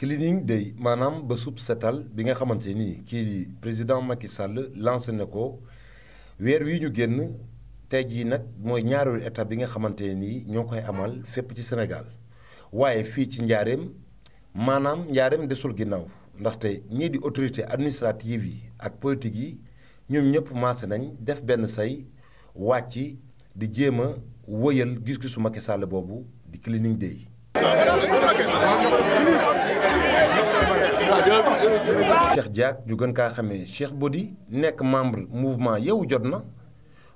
cleaning day maanaam ba sub setal bi nga xamante nii kii di président Macky Sall lancé na ko weer wi ñu génn tey jii nag mooy ñaareelu étape bi nga xamante ne nii ñoo koy amal fépp ci Sénégal waaye fii ci njaareem maanaam njaareem desul ginnaaw ndaxte ñii di autorité administrative yi ak politique yi ñoom ñëpp maase nañ def benn say wàcc di jéem a wëyal gis-gisu Macky Sall boobu di cleaning day. Cheikh Diack ñu gën kaa xamee Cheikh Bodi nekk membre mouvement Yeewu Jot na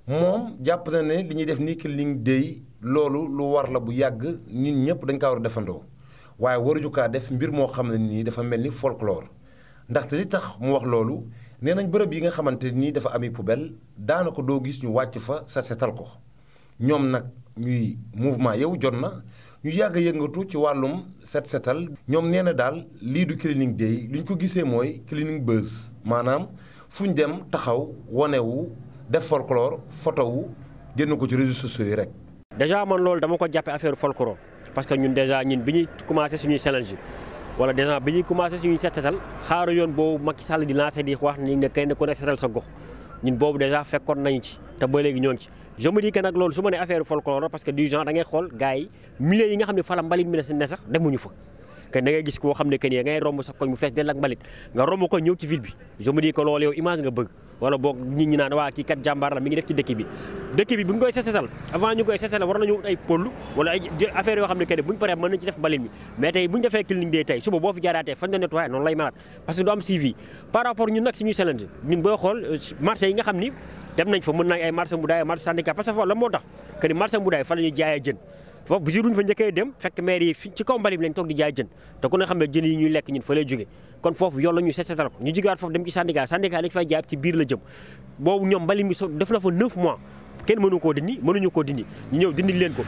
moom jàpp na ne li ñuy def nii Killing Day loolu lu war la bu yàgg ñun ñëpp dañ kaa war a defandoo waaye waruñu kaa def mbir moo xam ne nii dafa mel ni folklore ndaxte li tax mu wax loolu nee nañ bërëb yi nga xamante nii dafa ami poubelle daanako doo gis ñu wàcc fa sa setal ko ñoom nag ñuy mouvement Yeewu Jot na ñu yàgg a yëngatu ci wàllum set setal ñoom nee na daal lii du cleaning day li ñu ko gisee mooy cleaning buzz maanaam fu ñu dem taxaw wane wu def folklore photo wu génn ko ci réseaux sociaux yi rek. dèjà man loolu dama ko jàppee affaire folklore parce que ñun dèjà ñun bi ñuy commencé suñuy challenge wala dèjà bi ñuy commencé suñuy set setal xaaru yoon boobu Macky Sall di lancé di wax ni ne kenn ko nekk setal sa gox. ñun boobu déjà fekkoon nañu ci te ba léegi ñoo ngi ci je me dis que nag loolu su ma nee affaire folklore parce que du genre da ngay xool gars yi milieu yi nga xam ne fa mbalit mi ne sax demuñu fa que da ngay gis koo xam ne que ni ngay romb sa koñ mu fees dell ak mbalit nga romb ko ñëw ci ville bi je me dis que yow image nga bëgg wala boog nit ñi naan waa kii kat jàmbaar la mi ngi def ci dëkk bi dëkk bi bu ñu koy sesetal avant ñu koy sesetal war nañu wut ay pôle wala ay affaire yoo xam ne que ne bu ñu nañ ci def mbalit mi mais tey bu ñu boo xool euh, marché yi nga xam ni dem nañ fa mën nañ ay marché mbudaay marché syndicat parce que fa la moo tax que ni mbudaay fa la ñuy jën foofu jur ñu fa njëkkee dem fekk maire yi fi ci kaw mbalit bi lañ toog di jaay jën te ku ne xam ne jën yi ñuy lekk ñun fa lay jóge kon foofu yoon la set setal ko ñu jógewaat foofu dem ci syndicat syndicat la ñu ñëw dindi leen ko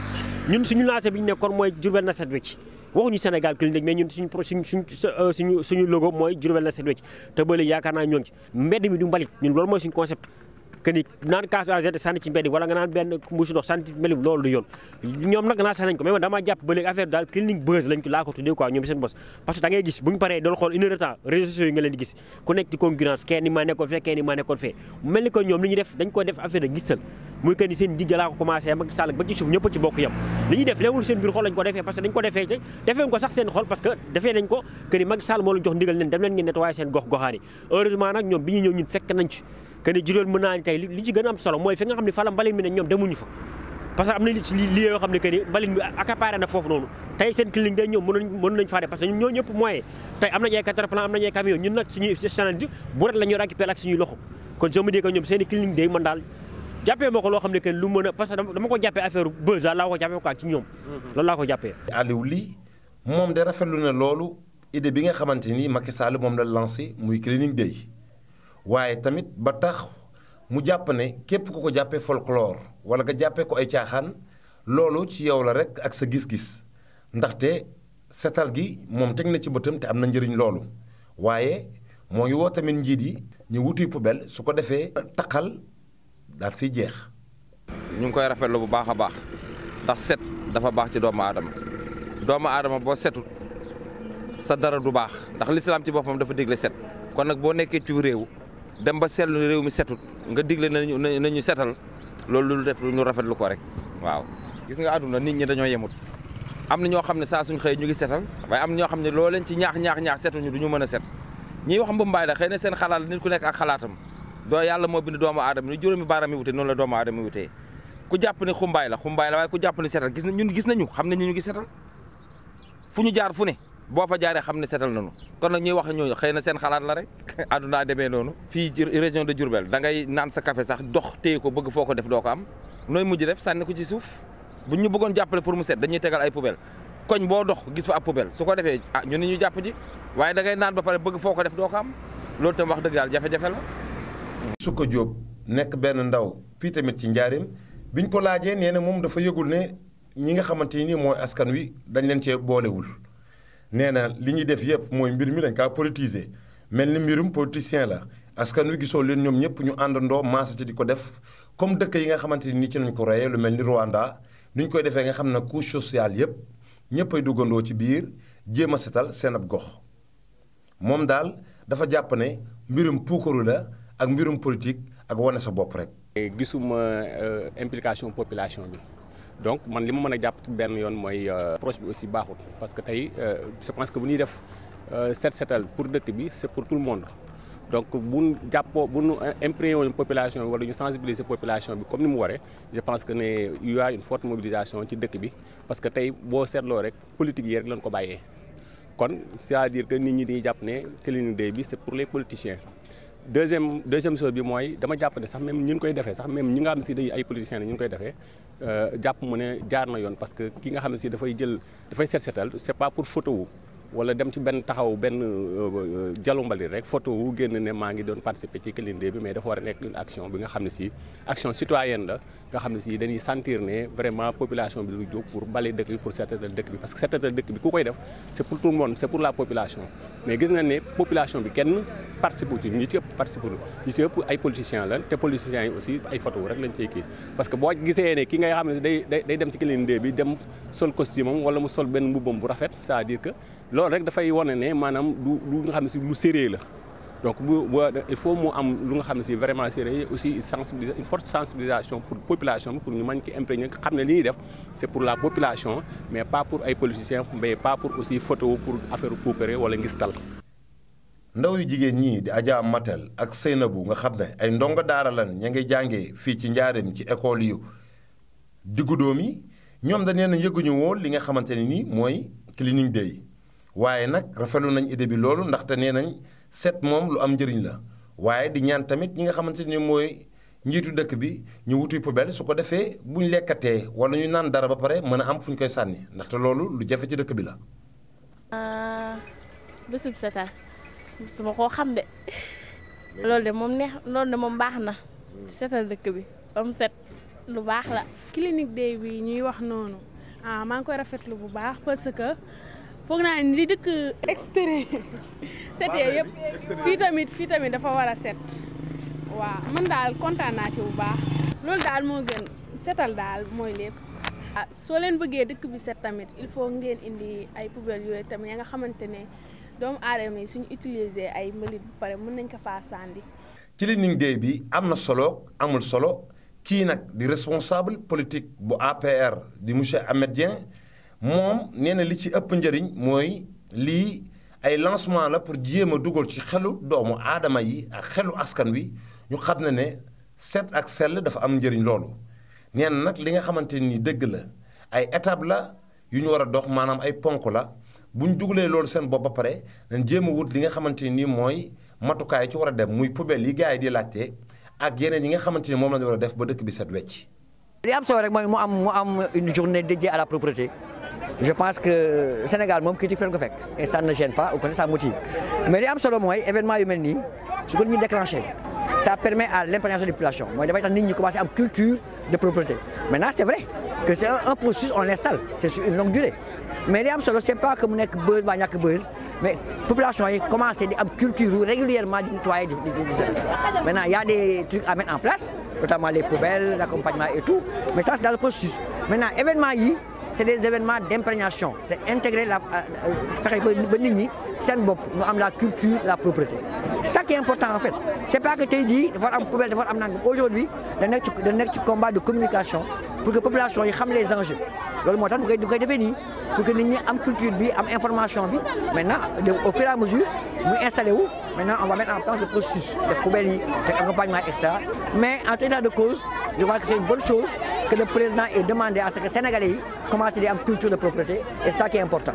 ñun suñu lancé bi waxuñu Sénégal clean mais ñun suñu suñ euh, logo mooy Jurbel na set wecc te ba léegi yaakaar naa ñoo ngi ci mbedd mi du mbalit ñun loolu mooy suñu concept que naan kaas à jeter ci mbedd wala nga naan benn mbuusu ndox sànni ci loolu du yoon ñoom nag naasa nañ ko mais man jàpp ba léegi daal cleaning buzz lañ ci laa ko commencé ko defee parce moo leen jox ndigal leen dem leen ngeen nettoyer seen gox goxaan heureusement nag ñoom bi ñu ñëw ñun fekk nañ ci que ni juróom mën naa ne tey li ci gën a am ni mbalit mi accaparé kon soo mu dee que ñoom seen clinique day mën daal jàppee moo ko loo xam ne que lu mën a parce dama ko jàppee affaire buzz laa ko jàppee quoi ci ñoom mm-hmm. loolu laa ko jàppee Aliou moom de rafetlu na loolu idée bi nga xamante ni Macky Sall moom la lancé muy clinique day waaye tamit ba tax mu jàpp ne képp ku ko jàppee folklore wala nga jàppee ko ay caaxaan loolu ci yow la rek ak sa gis-gis ndaxte setal gi moom teg na ci bëtam te am na njëriñ loolu waaye moo ngi woo tamit njiit yi ñu wutuy poubelle su ko defee taqal daal fiy jeex. ñu ngi koy rafetlu bu baax a baax ndax set dafa baax ci doomu aadama doomu aadama boo setut sa dara du baax ndax lislaam ci boppam dafa digle set kon nag boo nekkee ci réew. dem ba seetlu réew mi setut nga digle nañu nañu setal loolu lu def rafet lu ko rek waaw gis nga àdduna nit ñi dañoo yemut am na ñoo xam ne saa suñ xëy ñu ngi setal waaye am na ñoo xam ne loo leen ci ñaax ñaax ñaax setuñu du ñu mën a set ñiy wax mbumbaay la xëy na seen xalaat nit ku nekk ak xalaatam doo yàlla moo bind doomu aadama ni juróomi baaraam yi wute noonu la doomu aadama wutee ku jàpp ne xumbaay la xumbaay la waaye ku jàpp ne setal gis na ñun gis nañu xam nañu ñu ngi setal fu ñu jaar fu ne boo fa jaaree xam ne seetal nañu kon nag ñuy wax ñooñu xëy na seen xalaat la rek àdduna demee noonu fii région de jurubeel da ngay naan sa café sax dox téye ko bëgg foo ko def doo ko am nooy mujj def sànni ko ci suuf buñ ñu bëggoon pour mu set dañuy tegal ay poubelle koñ boo dox gis fa ab su ko defee ah ñu ni ñu jàpp ji waaye dangay naan ba pare bëgg foo ko def doo ko am loolu tam wax dëgg yàlla jafe-jafe la Sukka Jóob nekk benn ndaw fii tamit ci njaarim biñ ko laajee nee na moom dafa yëgul ne ñi nga xamante ni mooy askan wi dañ leen cee boolewul nee na li ñuy def yëpp mooy mbir mi dañ kaa politiser mel ni mbirum politicien la askan wi gisoo leen ñoom ñëpp ñu àndandoo maasa ci di ko def comme dëkk yi nga xamante ni nii ci nañ ko reyee lu mel ni Rwanda ni ñu koy defee nga xam ne couche sociale yëpp ñëpp ay duggandoo ci biir jéem a setal seen ab gox moom daal dafa jàpp ne mbirum puukaru la ak mbirum politique ak wane sa bopp rek. Eh, gisuma euh, implication population bi. donc man li ma mën a jàpp benn yoon mooy euh, proche bi aussi baaxul parce que tey euh, je pense que bu ñuy def euh, set setal pour dëkk bi c'est pour tout le monde donc bu ñu jàppoo bu ñu imprégné population bi wala ñu sensibiliser population bi comme ni mu waree je pense que ne y a une forte mobilisation ci dëkk bi parce que tey boo seetloo rek politique yi rek lañ ko bàyyee kon c'est-à-dire que nit ñi dañuy jàpp ne cleaning day bi c'est pour les politiciens deuxième deuxième chose bi mooy dama jàpp ne sax même ñi ngi koy defee sax même ñi nga xam si day ay politiciens ñi ngi koy defee euh, jàpp mu ne jaar na yoon parce que ki nga xam ne si dafay jël dafay set setal c'est pas pour photo wu wala dem ci benn taxaw benn euh, jalumbali rek photo wu génn ne maa ngi doon participer ci Clean Day bi mais dafa war a nekk une action bi nga xam ne si action citoyenne la nga xam ne si dañuy sentir ne vraiment population bi lu jóg pour bale dëkk bi pour seetatal dëkk bi parce que seetatal dëkk bi ku koy def c'est pour tout le monde c'est pour la population mais gis nga ne population bi kenn participe ci ñi ci ëpp participe ñi ci ëpp ay politiciens la te politiciens yi aussi que boo gisee ne ki nga xam ne day day dem ci Clean Day bi dem sol sol benn mbubbam bu rafet cest à loolu dafay wane ne maanaam du lu nga xam ne si lu sérieux la donc bu il faut mu am lu nga xam ne si vraiment sérieux aussi sensibilis une forte sensibilisation pour population pour ñu mën ko imprégner xam ne li ñuy def c'est pour la population mais pas pour ay politiciens mais pas pour aussi photo pour affaire puukare wala ngistal ndaw yu jigéen ñi di Adja Matel ak Seynabou nga xam ne ay ndongo daara lan ña ngi jàngee fii ci mi ci école yu diggu doom yi ñoom dañu leen yëguñu li nga xamante ne nii mooy cleaning day waaye nag rafetlu nañ idée bi loolu ndaxte nee nañ set moom lu am njëriñ la waaye di ñaan tamit ñi nga xamante ni mooy njiitu dëkk bi ñu wutuy poubelle su ko defee buñ lekkatee walla ñu naan dara ba pare mën a am fu ñu koy sànni ndaxte loolu lu jafe ci dëkk bi la. Ah, bésub setal su ma koo xam de. lool de moom neex loolu de moom baax na. setal dëkk bi am set lu baax la. clinique day bi ñuy wax noonu ah maa ngi koy rafetlu bu baax parce que. foog naa ni li dëkk extérieur setee yëpp fii tamit fii tamit dafa war a set waaw man daal kontaan naa bu baax loolu daal moo gën setal daal mooy lépp ah, soo leen bëggee dëkk bi set tamit il faut ngeen indi ay poubelles yooyu tamit ya nga xamante ne doomu aadama yi suñu utiliser ay mbalit bu pare mën nañ ko faa sànni cleaning day bi am na solo amul solo kii nag di responsable politique bu APR di monsieur Ahmed Dieng moom nee na li ci ëpp njariñ mooy lii ay lancement la pour jéem a dugal ci xelu doomu aadama yi ak xelu askan wi ñu xam na ne set ak sell dafa am njëriñ loolu nee nag li nga xamante ni dëgg la ay étape la yu ñu war a dox maanaam ay ponk la bu ñu dugalee loolu seen bopp ba pare nañ jéem wut li nga xamante nii mooy matukaay ci war a dem muy poubelle yi gars yi di laajte ak yeneen yi nga xamante ni moom la ñu war a def ba dëkk bi set wecc li am solo rek mooy mu am mu am une journée dédiée à la propreté je pense que Sénégal moom critique fen ko fekk et ça ne gêne pas au contraire ça motive mais li am solo mooy événement yu mel nii su ko nit ñi déclenché ça permet à l'imprégnation des populations mooy dafay tax nit ñi commencé am culture de propreté maintenant c'est vrai que c'est un processus on l'installe c'est sur une longue durée mais li am solo c'est pas que mu nekk buzz ba ñàkk buzz mais population yi commencé di am culture régulièrement di nettoyer di sel maintenant il y a des trucs à mettre en place notamment les poubelles l'accompagnement et tout mais ça c'est dans le processus maintenant événement yi c' est des événements d' imprégnation c' la euh, euh, fexe ba nit ñi seen bopp ñu am la culture la propreté ça qui est important en fait c' est pas que tey jii dafa am poubelle dafa am nangam aujourd'hui da nekk ci nekk ci combat de communication pour que population yi xam les enjeux loolu moo tax du koy ñu nii pour que nit ñi am culture bi am information bi maintenant au fur et à mesure muy installé wu maintenant on va mettre en place le processus de poubelles yi te accompagnement extra mais en tout état de cause je crois que c'est une bonne chose que le président ait demandé à ce que sénégalais yi commencé di am culture de propreté et ça qui est important.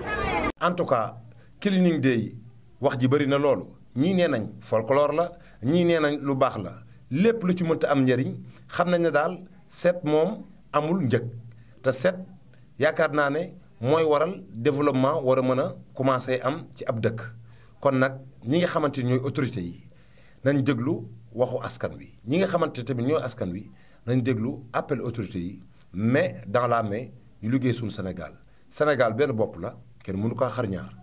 en tout cas cleaning day wax ji bëri na loolu ñii nee nañ folklore la ñii nee nañ lu baax la lépp lu ci mënta am njëriñ xam nañ ne daal set moom amul njëg yaakaar naa ne mooy waral développement war a mën a commencé am ci ab dëkk kon nag ñi nga xamante ni ñooy autorités yi nañ déglu waxu askan wi ñi nga xamante tamit ñooy askan wi nañ déglu appel autorités yi mais dans la main ñu liggéey suñu Sénégal Sénégal benn bopp la kenn mënu ko xarñaar